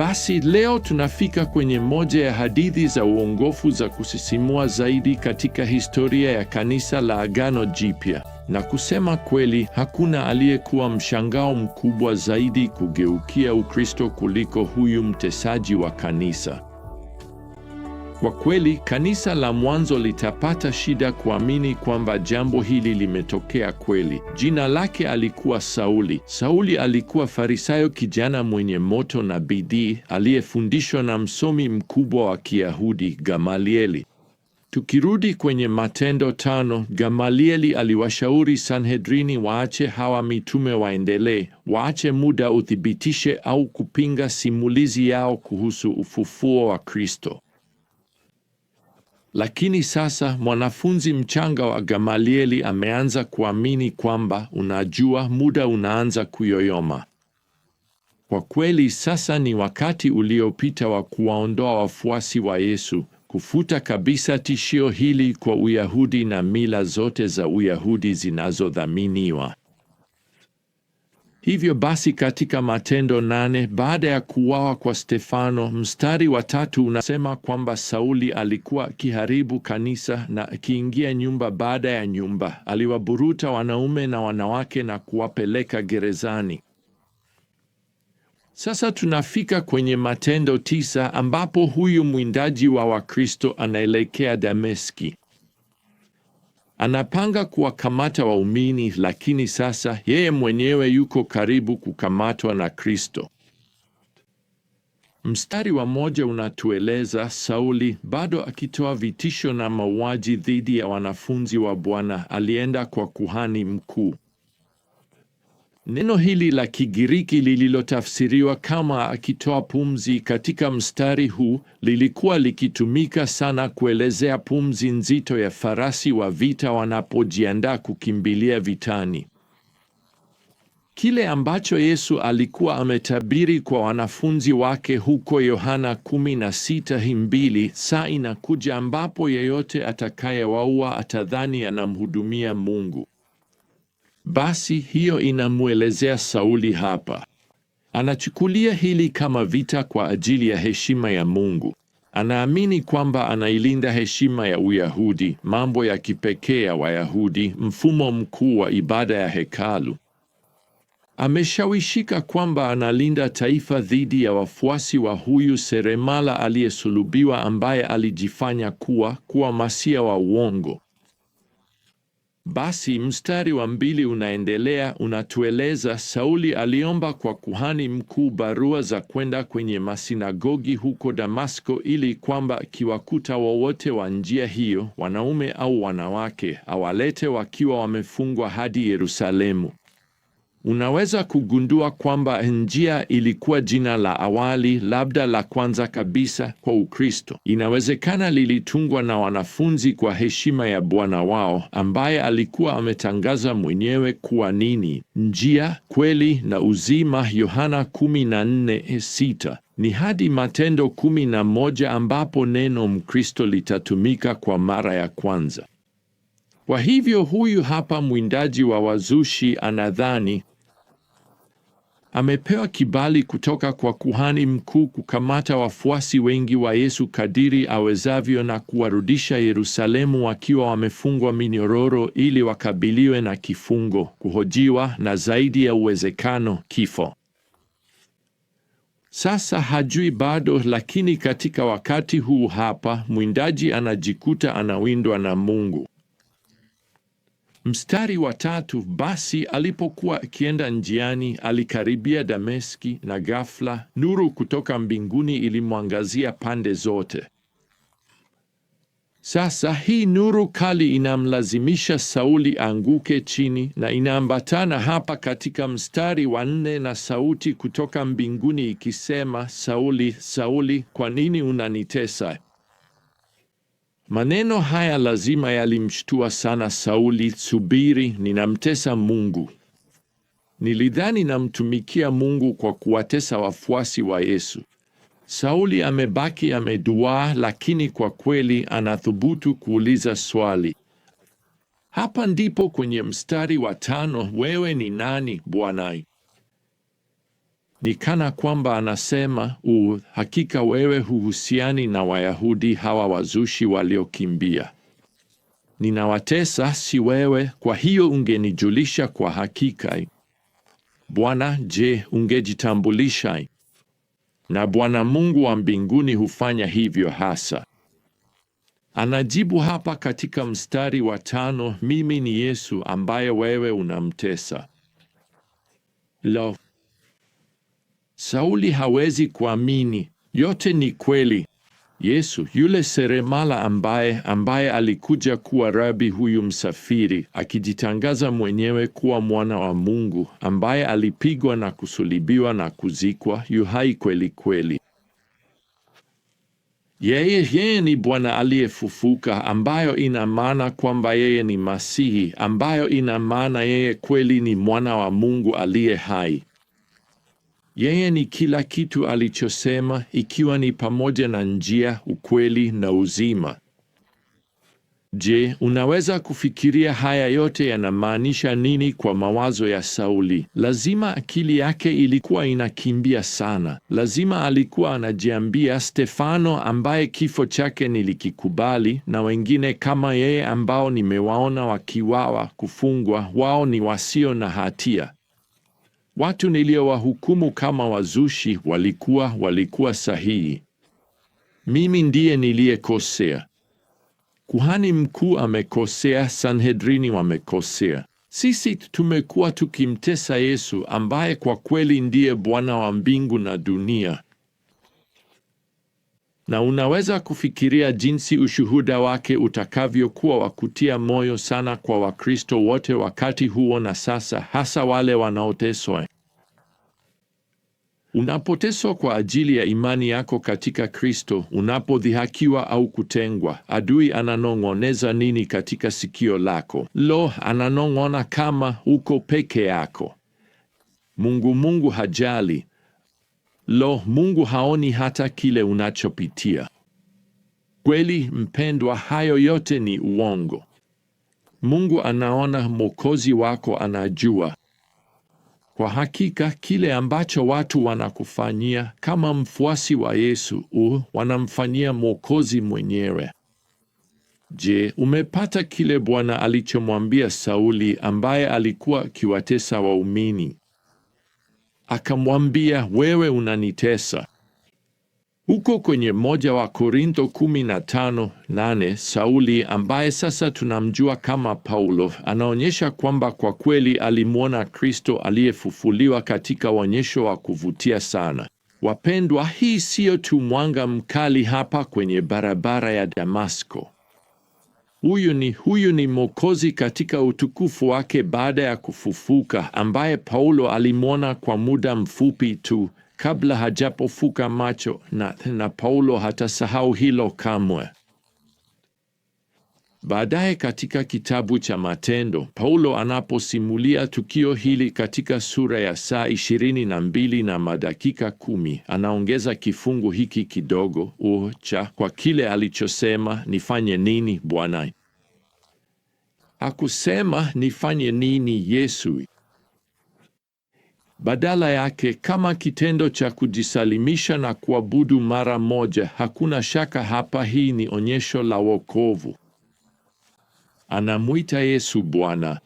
Basi leo tunafika kwenye moja ya hadithi za uongofu za kusisimua zaidi katika historia ya kanisa la Agano Jipya, na kusema kweli, hakuna aliyekuwa mshangao mkubwa zaidi kugeukia Ukristo kuliko huyu mtesaji wa kanisa. Kwa kweli, kanisa la mwanzo litapata shida kuamini kwamba jambo hili limetokea kweli. Jina lake alikuwa Sauli. Sauli alikuwa Farisayo, kijana mwenye moto na bidii, aliyefundishwa na msomi mkubwa wa Kiyahudi Gamalieli. Tukirudi kwenye Matendo tano, Gamalieli aliwashauri Sanhedrini waache hawa mitume waendelee, waache muda uthibitishe au kupinga simulizi yao kuhusu ufufuo wa Kristo. Lakini sasa mwanafunzi mchanga wa Gamalieli ameanza kuamini kwamba, unajua, muda unaanza kuyoyoma. Kwa kweli, sasa ni wakati uliopita wa kuwaondoa wafuasi wa Yesu, kufuta kabisa tishio hili kwa Uyahudi na mila zote za Uyahudi zinazodhaminiwa. Hivyo basi katika Matendo nane baada ya kuuawa kwa Stefano, mstari wa tatu unasema kwamba Sauli alikuwa akiharibu kanisa na akiingia nyumba baada ya nyumba, aliwaburuta wanaume na wanawake na kuwapeleka gerezani. Sasa tunafika kwenye Matendo tisa ambapo huyu mwindaji wa Wakristo anaelekea Dameski. Anapanga kuwakamata waumini, lakini sasa yeye mwenyewe yuko karibu kukamatwa na Kristo. Mstari wa moja unatueleza Sauli, bado akitoa vitisho na mauaji dhidi ya wanafunzi wa Bwana, alienda kwa kuhani mkuu. Neno hili la Kigiriki lililotafsiriwa kama akitoa pumzi katika mstari huu lilikuwa likitumika sana kuelezea pumzi nzito ya farasi wa vita wanapojiandaa kukimbilia vitani. Kile ambacho Yesu alikuwa ametabiri kwa wanafunzi wake huko Yohana 16:2, saa inakuja ambapo yeyote atakayewaua atadhani anamhudumia Mungu. Basi hiyo inamwelezea Sauli hapa. Anachukulia hili kama vita kwa ajili ya heshima ya Mungu. Anaamini kwamba anailinda heshima ya Uyahudi, mambo ya kipekee ya Wayahudi, mfumo mkuu wa ibada ya hekalu. Ameshawishika kwamba analinda taifa dhidi ya wafuasi wa huyu seremala aliyesulubiwa, ambaye alijifanya kuwa kuwa masia wa uongo. Basi mstari wa mbili unaendelea unatueleza, Sauli aliomba kwa kuhani mkuu barua za kwenda kwenye masinagogi huko Damasko, ili kwamba akiwakuta wowote wa njia hiyo, wanaume au wanawake, awalete wakiwa wamefungwa hadi Yerusalemu unaweza kugundua kwamba njia ilikuwa jina la awali, labda la kwanza kabisa kwa Ukristo. Inawezekana lilitungwa na wanafunzi kwa heshima ya Bwana wao ambaye alikuwa ametangaza mwenyewe kuwa nini? Njia, kweli na uzima, Yohana 14:6. Ni hadi Matendo 11 ambapo neno Mkristo litatumika kwa mara ya kwanza. Kwa hivyo huyu hapa mwindaji wa wazushi anadhani amepewa kibali kutoka kwa kuhani mkuu kukamata wafuasi wengi wa Yesu kadiri awezavyo na kuwarudisha Yerusalemu wakiwa wamefungwa minyororo ili wakabiliwe na kifungo, kuhojiwa na zaidi ya uwezekano kifo. Sasa hajui bado, lakini katika wakati huu hapa mwindaji anajikuta anawindwa na Mungu. Mstari wa tatu, basi alipokuwa akienda njiani alikaribia Dameski, na ghafla nuru kutoka mbinguni ilimwangazia pande zote. Sasa hii nuru kali inamlazimisha Sauli anguke chini, na inaambatana hapa katika mstari wa nne na sauti kutoka mbinguni ikisema, Sauli, Sauli, kwa nini unanitesa? Maneno haya lazima yalimshtua sana Sauli. Subiri, ninamtesa Mungu. Nilidhani namtumikia Mungu kwa kuwatesa wafuasi wa Yesu. Sauli amebaki ameduaa, lakini kwa kweli anathubutu kuuliza swali. Hapa ndipo kwenye mstari wa tano, wewe ni nani Bwana? Ni kana kwamba anasema u hakika wewe huhusiani na Wayahudi hawa wazushi waliokimbia. Ninawatesa, si wewe, kwa hiyo ungenijulisha kwa hakika. Bwana, je, ungejitambulisha? Na Bwana Mungu wa mbinguni hufanya hivyo hasa. Anajibu hapa katika mstari wa tano, mimi ni Yesu ambaye wewe unamtesa. Sauli hawezi kuamini. Yote ni kweli. Yesu yule seremala ambaye ambaye alikuja kuwa rabi huyu msafiri, akijitangaza mwenyewe kuwa mwana wa Mungu, ambaye alipigwa na kusulibiwa na kuzikwa, yu hai kweli kweli. Yeye yeye ni Bwana aliyefufuka, ambayo ina maana kwamba yeye ni Masihi, ambayo ina maana yeye kweli ni mwana wa Mungu aliye hai. Yeye ni kila kitu alichosema, ikiwa ni pamoja na njia, ukweli na uzima. Je, unaweza kufikiria haya yote yanamaanisha nini kwa mawazo ya Sauli? Lazima akili yake ilikuwa inakimbia sana. Lazima alikuwa anajiambia, Stefano ambaye kifo chake nilikikubali, na wengine kama yeye ambao nimewaona wakiwawa, kufungwa, wao ni wasio na hatia. Watu niliowahukumu kama wazushi walikuwa walikuwa sahihi. Mimi ndiye niliyekosea. Kuhani mkuu amekosea, Sanhedrini wamekosea. Sisi tumekuwa tukimtesa Yesu ambaye kwa kweli ndiye Bwana wa mbingu na dunia na unaweza kufikiria jinsi ushuhuda wake utakavyokuwa wa kutia moyo sana kwa Wakristo wote wakati huo na sasa, hasa wale wanaoteswa. Unapoteswa kwa ajili ya imani yako katika Kristo, unapodhihakiwa au kutengwa, adui ananong'oneza nini katika sikio lako? Lo, ananong'ona kama uko peke yako. Mungu Mungu hajali. Lo, Mungu haoni hata kile unachopitia kweli? Mpendwa, hayo yote ni uongo. Mungu anaona, Mwokozi wako anajua kwa hakika kile ambacho watu wanakufanyia kama mfuasi wa Yesu u wanamfanyia Mwokozi mwenyewe. Je, umepata kile Bwana alichomwambia Sauli ambaye alikuwa akiwatesa waumini? akamwambia, wewe unanitesa. Huko kwenye moja wa Korintho 15:8 Sauli ambaye sasa tunamjua kama Paulo anaonyesha kwamba kwa kweli alimwona Kristo aliyefufuliwa katika uonyesho wa kuvutia sana. Wapendwa, hii siyo tu mwanga mkali hapa kwenye barabara ya Damasko. Huyu ni huyu ni Mwokozi katika utukufu wake baada ya kufufuka, ambaye Paulo alimwona kwa muda mfupi tu kabla hajapofuka macho, na na Paulo hatasahau hilo kamwe. Baadaye katika kitabu cha Matendo, Paulo anaposimulia tukio hili katika sura ya saa ishirini na mbili na madakika kumi, anaongeza kifungu hiki kidogo ucha oh, kwa kile alichosema, nifanye nini Bwana? Hakusema nifanye nini Yesu. Badala yake, kama kitendo cha kujisalimisha na kuabudu mara moja, hakuna shaka hapa, hii ni onyesho la wokovu anamwita Yesu Bwana.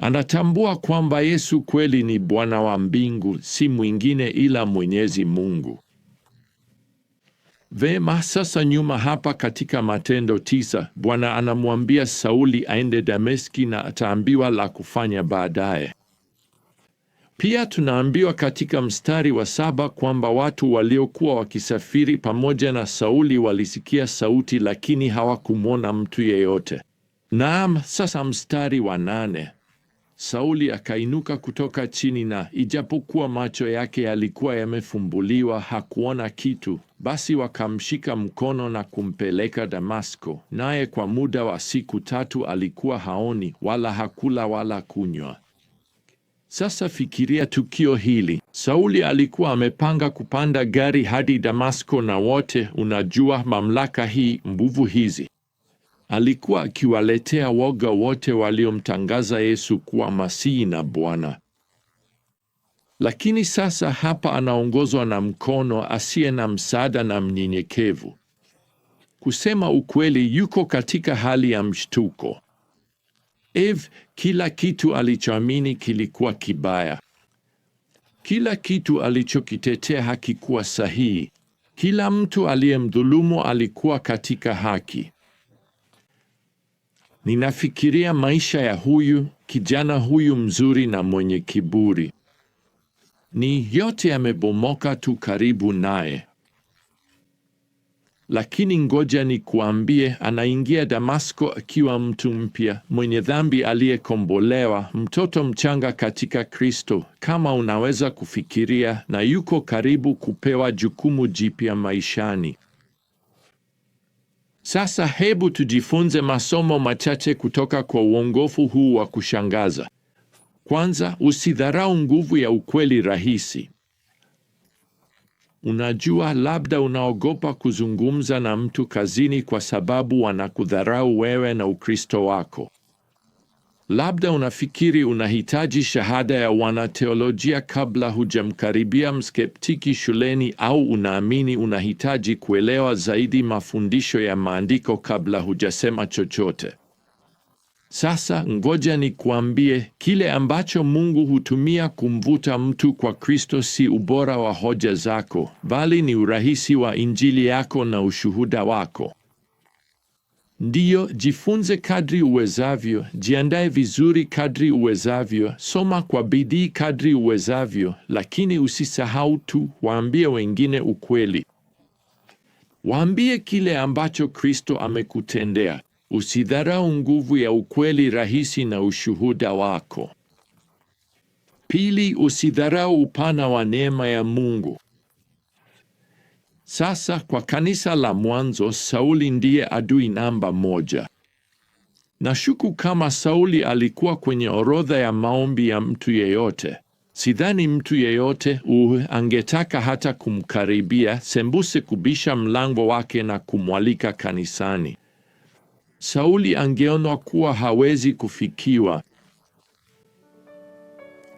Anatambua kwamba Yesu kweli ni Bwana wa mbingu, si mwingine ila Mwenyezi Mungu. Vema, sasa nyuma hapa katika Matendo tisa, Bwana anamwambia Sauli aende Dameski na ataambiwa la kufanya baadaye. Pia tunaambiwa katika mstari wa saba kwamba watu waliokuwa wakisafiri pamoja na Sauli walisikia sauti, lakini hawakumwona mtu yeyote. Naam, sasa mstari wa nane. Sauli akainuka kutoka chini na ijapokuwa macho yake yalikuwa yamefumbuliwa hakuona kitu. Basi wakamshika mkono na kumpeleka Damasko, naye kwa muda wa siku tatu alikuwa haoni wala hakula wala kunywa. Sasa fikiria tukio hili. Sauli alikuwa amepanga kupanda gari hadi Damasko, na wote unajua mamlaka hii, nguvu hizi. Alikuwa akiwaletea woga wote waliomtangaza Yesu kuwa Masihi na Bwana. Lakini sasa hapa anaongozwa na mkono asiye na msaada na mnyenyekevu. Kusema ukweli, yuko katika hali ya mshtuko. Ev kila kitu alichoamini kilikuwa kibaya. Kila kitu alichokitetea hakikuwa sahihi. Kila mtu aliyemdhulumu alikuwa katika haki. Ninafikiria maisha ya huyu kijana huyu mzuri na mwenye kiburi. Ni yote yamebomoka tu karibu naye. Lakini ngoja ni kuambie anaingia Damasko akiwa mtu mpya, mwenye dhambi aliyekombolewa, mtoto mchanga katika Kristo, kama unaweza kufikiria, na yuko karibu kupewa jukumu jipya maishani. Sasa hebu tujifunze masomo machache kutoka kwa uongofu huu wa kushangaza. Kwanza, usidharau nguvu ya ukweli rahisi. Unajua, labda unaogopa kuzungumza na mtu kazini kwa sababu wanakudharau wewe na Ukristo wako. Labda unafikiri unahitaji shahada ya wanateolojia kabla hujamkaribia mskeptiki shuleni, au unaamini unahitaji kuelewa zaidi mafundisho ya maandiko kabla hujasema chochote. Sasa ngoja nikuambie, kile ambacho Mungu hutumia kumvuta mtu kwa Kristo si ubora wa hoja zako, bali ni urahisi wa injili yako na ushuhuda wako. Ndiyo, jifunze kadri uwezavyo, jiandae vizuri kadri uwezavyo, soma kwa bidii kadri uwezavyo, lakini usisahau tu, waambie wengine ukweli. Waambie kile ambacho Kristo amekutendea. Usidharau nguvu ya ukweli rahisi na ushuhuda wako. Pili, usidharau upana wa neema ya Mungu. Sasa kwa kanisa la mwanzo, Sauli ndiye adui namba moja. Nashuku kama Sauli alikuwa kwenye orodha ya maombi ya mtu yeyote. Sidhani mtu yeyote uh, angetaka hata kumkaribia sembuse kubisha mlango wake na kumwalika kanisani. Sauli angeona kuwa hawezi kufikiwa,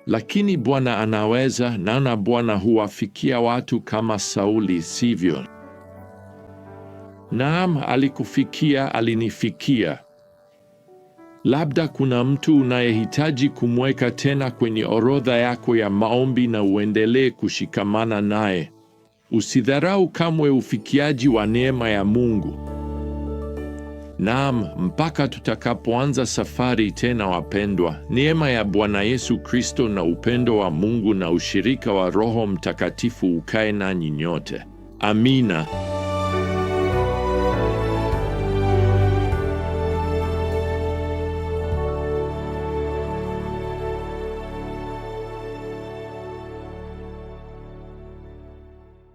lakini Bwana anaweza, naona Bwana huwafikia watu kama Sauli, sivyo? Naam, alikufikia, alinifikia. Labda kuna mtu unayehitaji kumweka tena kwenye orodha yako ya maombi na uendelee kushikamana naye. Usidharau kamwe ufikiaji wa neema ya Mungu. Naam, mpaka tutakapoanza safari tena, wapendwa, neema ya Bwana Yesu Kristo na upendo wa Mungu na ushirika wa Roho Mtakatifu ukae nanyi nyote. Amina.